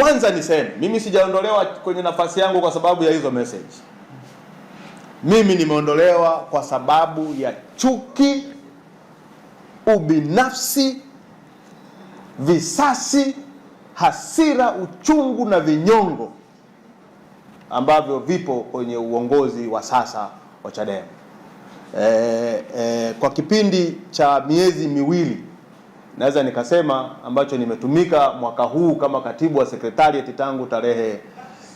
Kwanza niseme mimi sijaondolewa kwenye nafasi yangu kwa sababu ya hizo message. Mimi nimeondolewa kwa sababu ya chuki, ubinafsi, visasi, hasira, uchungu na vinyongo ambavyo vipo kwenye uongozi wa sasa wa Chadema. E, e, kwa kipindi cha miezi miwili naweza nikasema ambacho nimetumika mwaka huu kama katibu wa sekretarieti tangu tarehe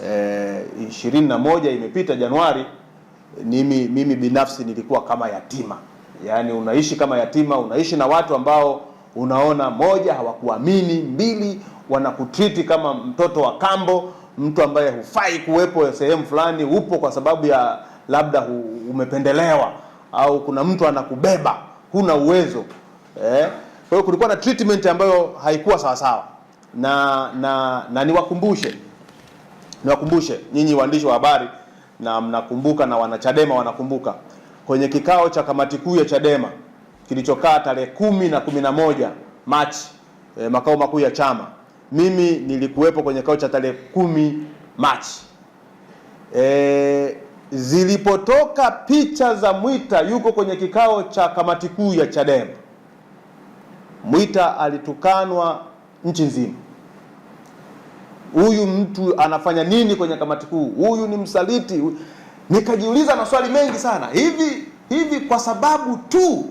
e, eh, 21 imepita Januari, mimi, mimi binafsi nilikuwa kama yatima. Yaani unaishi kama yatima, unaishi na watu ambao unaona, moja, hawakuamini, mbili, wanakutriti kama mtoto wa kambo, mtu ambaye hufai kuwepo sehemu fulani. Upo kwa sababu ya labda umependelewa au kuna mtu anakubeba, huna uwezo eh? Kwa hiyo kulikuwa na treatment ambayo haikuwa sawasawa na, na, na niwakumbushe niwakumbushe nyinyi waandishi wa habari na mnakumbuka na wanachadema wanakumbuka kwenye kikao cha kamati kuu ya Chadema kilichokaa tarehe kumi na kumi na moja Machi eh, makao makuu ya chama. Mimi nilikuwepo kwenye kikao cha tarehe kumi Machi e, eh, zilipotoka picha za Mwita yuko kwenye kikao cha kamati kuu ya Chadema Mwita alitukanwa nchi nzima. Huyu mtu anafanya nini kwenye kamati kuu? Huyu ni msaliti. Nikajiuliza maswali mengi sana, hivi hivi kwa sababu tu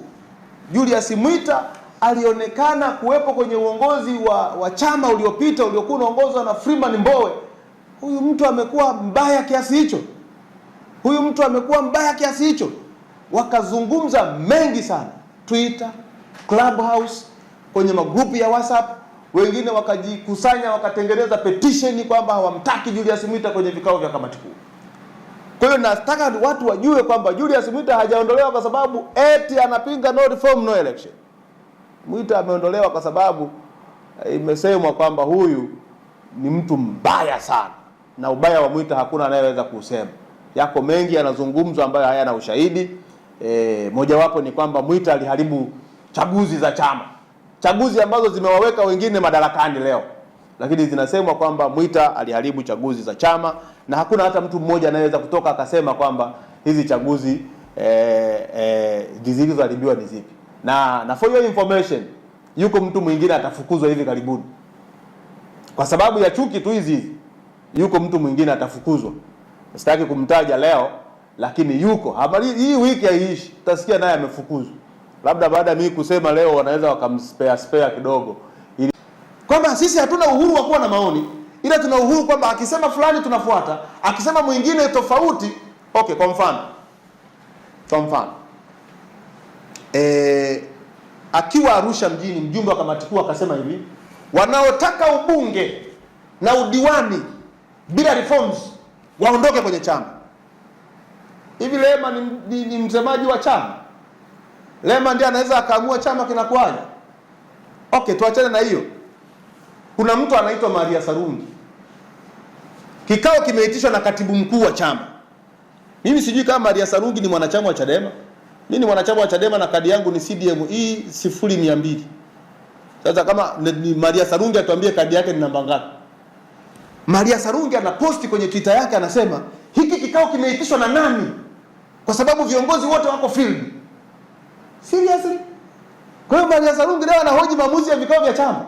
Julius Mwita alionekana kuwepo kwenye uongozi wa, wa chama uliopita uliokuwa unaongozwa na Freeman Mbowe, huyu mtu amekuwa mbaya kiasi hicho? Huyu mtu amekuwa mbaya kiasi hicho? Wakazungumza mengi sana Twitter, Clubhouse kwenye magrupu ya WhatsApp, wengine wakajikusanya wakatengeneza petition kwamba hawamtaki Julius Mwita kwenye vikao vya kamati kuu. Kwa hiyo nataka watu wajue kwamba Julius Mwita hajaondolewa kwa sababu eti anapinga no reform no election. Mwita ameondolewa kwa sababu eh, imesemwa kwamba huyu ni mtu mbaya sana, na ubaya wa Mwita hakuna anayeweza kuusema. Yako mengi yanazungumzwa ambayo hayana ushahidi. E, mojawapo ni kwamba Mwita aliharibu chaguzi za chama chaguzi ambazo zimewaweka wengine madarakani leo, lakini zinasemwa kwamba Mwita aliharibu chaguzi za chama, na hakuna hata mtu mmoja anayeweza kutoka akasema kwamba hizi chaguzi eh, eh, ni zipi. Na, na for your information yuko mtu mwingine atafukuzwa hivi karibuni kwa sababu ya chuki tu hizi hizi. Yuko mtu mwingine atafukuzwa, sitaki kumtaja leo, lakini yuko hii wiki haiishi, utasikia naye amefukuzwa labda baada ya mimi kusema leo wanaweza wakamspea spea kidogo, ili kwamba sisi hatuna uhuru wa kuwa na maoni, ila tuna uhuru kwamba akisema fulani tunafuata, akisema mwingine tofauti. Okay, kwa mfano kwa mfano e, akiwa Arusha mjini mjumbe wa kamati kuu akasema hivi, wanaotaka ubunge na udiwani bila reforms waondoke kwenye chama. Hivi Lema ni, ni, ni msemaji wa chama Lema ndiye anaweza akaamua chama kinakuaje. Okay, tuachane na hiyo. Kuna mtu anaitwa Maria Sarungi. Kikao kimeitishwa na katibu mkuu wa chama. Mimi sijui kama Maria Sarungi ni mwanachama wa Chadema. Mimi ni mwanachama wa Chadema na kadi yangu ni CDM CDME 0200. Sasa kama ni Maria Sarungi atuambie kadi yake ni namba ngapi? Maria Sarungi anaposti kwenye Twitter yake anasema, hiki kikao kimeitishwa na nani? Kwa sababu viongozi wote wako field. Seriously? Kwa hiyo Maria Sarungi leo anahoji maamuzi ya vikao vya chama,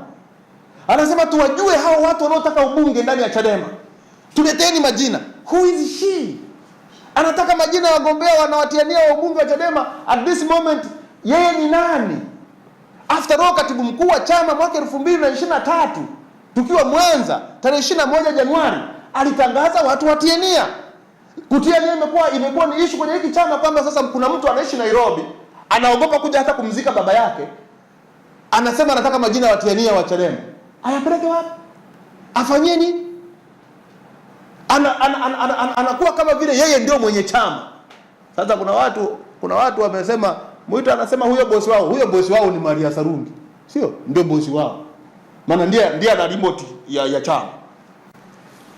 anasema tuwajue hao watu wanaotaka ubunge ndani ya Chadema, tuleteni majina. Who is she? Anataka majina ya wagombea wanawatiania wa ubunge wa Chadema. At this moment yeye ni nani? After all, katibu mkuu wa chama mwaka 2023 tukiwa Mwanza tarehe 21 Januari alitangaza watu watiania. Kutiania imekuwa imekuwa ni issue kwenye hiki chama kwamba sasa kuna mtu anaishi Nairobi anaogopa kuja hata kumzika baba yake, anasema anataka majina ya watiania wa Chadema, ayapeleke wapi? Afanyie nini? Ana, ana, ana, ana, ana, anakuwa kama vile yeye ndio mwenye chama. Sasa kuna watu kuna watu wamesema, Mwita anasema huyo bosi wao, huyo bosi wao ni Maria Sarungi, sio ndio bosi wao, maana ndiye ndiye ana remote ya, ya chama.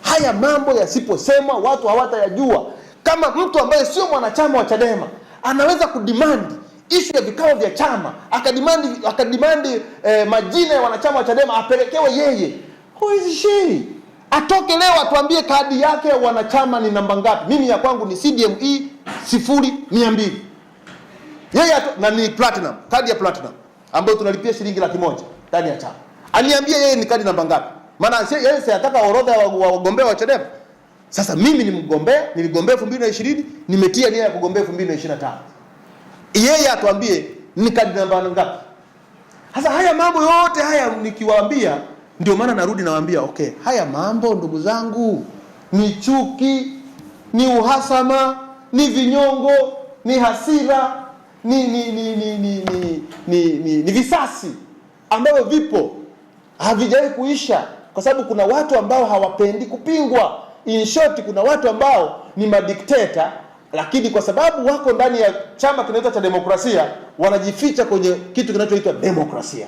Haya mambo yasiposemwa watu hawatayajua. Kama mtu ambaye sio mwanachama wa Chadema anaweza kudimandi ishu ya vikao vya chama akadimandi akadimandi eh, majina ya wanachama wa Chadema apelekewe yeye. Who is she? atoke leo atuambie kadi yake ya wanachama ni namba ngapi. Mimi ya kwangu ni CDME sifuri mia mbili yeye na ni platinum, kadi ya platinum ambayo tunalipia shilingi laki moja ndani ya chama. Aniambie yeye ni kadi namba ngapi? Maana yeye si anataka orodha ya wagombea wa Chadema. Sasa mimi ni mgombea, niligombea 2020 nimetia nia ya kugombea 2025 yeye atuambie ni kadi namba ngapi. Sasa haya mambo yote haya nikiwaambia, ndio maana narudi nawaambia, okay, haya mambo ndugu zangu ni chuki, ni uhasama, ni vinyongo, ni hasira, ni ni ni ni ni ni, ni, ni, ni visasi ambavyo vipo havijawahi kuisha, kwa sababu kuna watu ambao hawapendi kupingwa. In short, kuna watu ambao ni madikteta lakini kwa sababu wako ndani ya chama kinaitwa cha demokrasia, wanajificha kwenye kitu kinachoitwa demokrasia.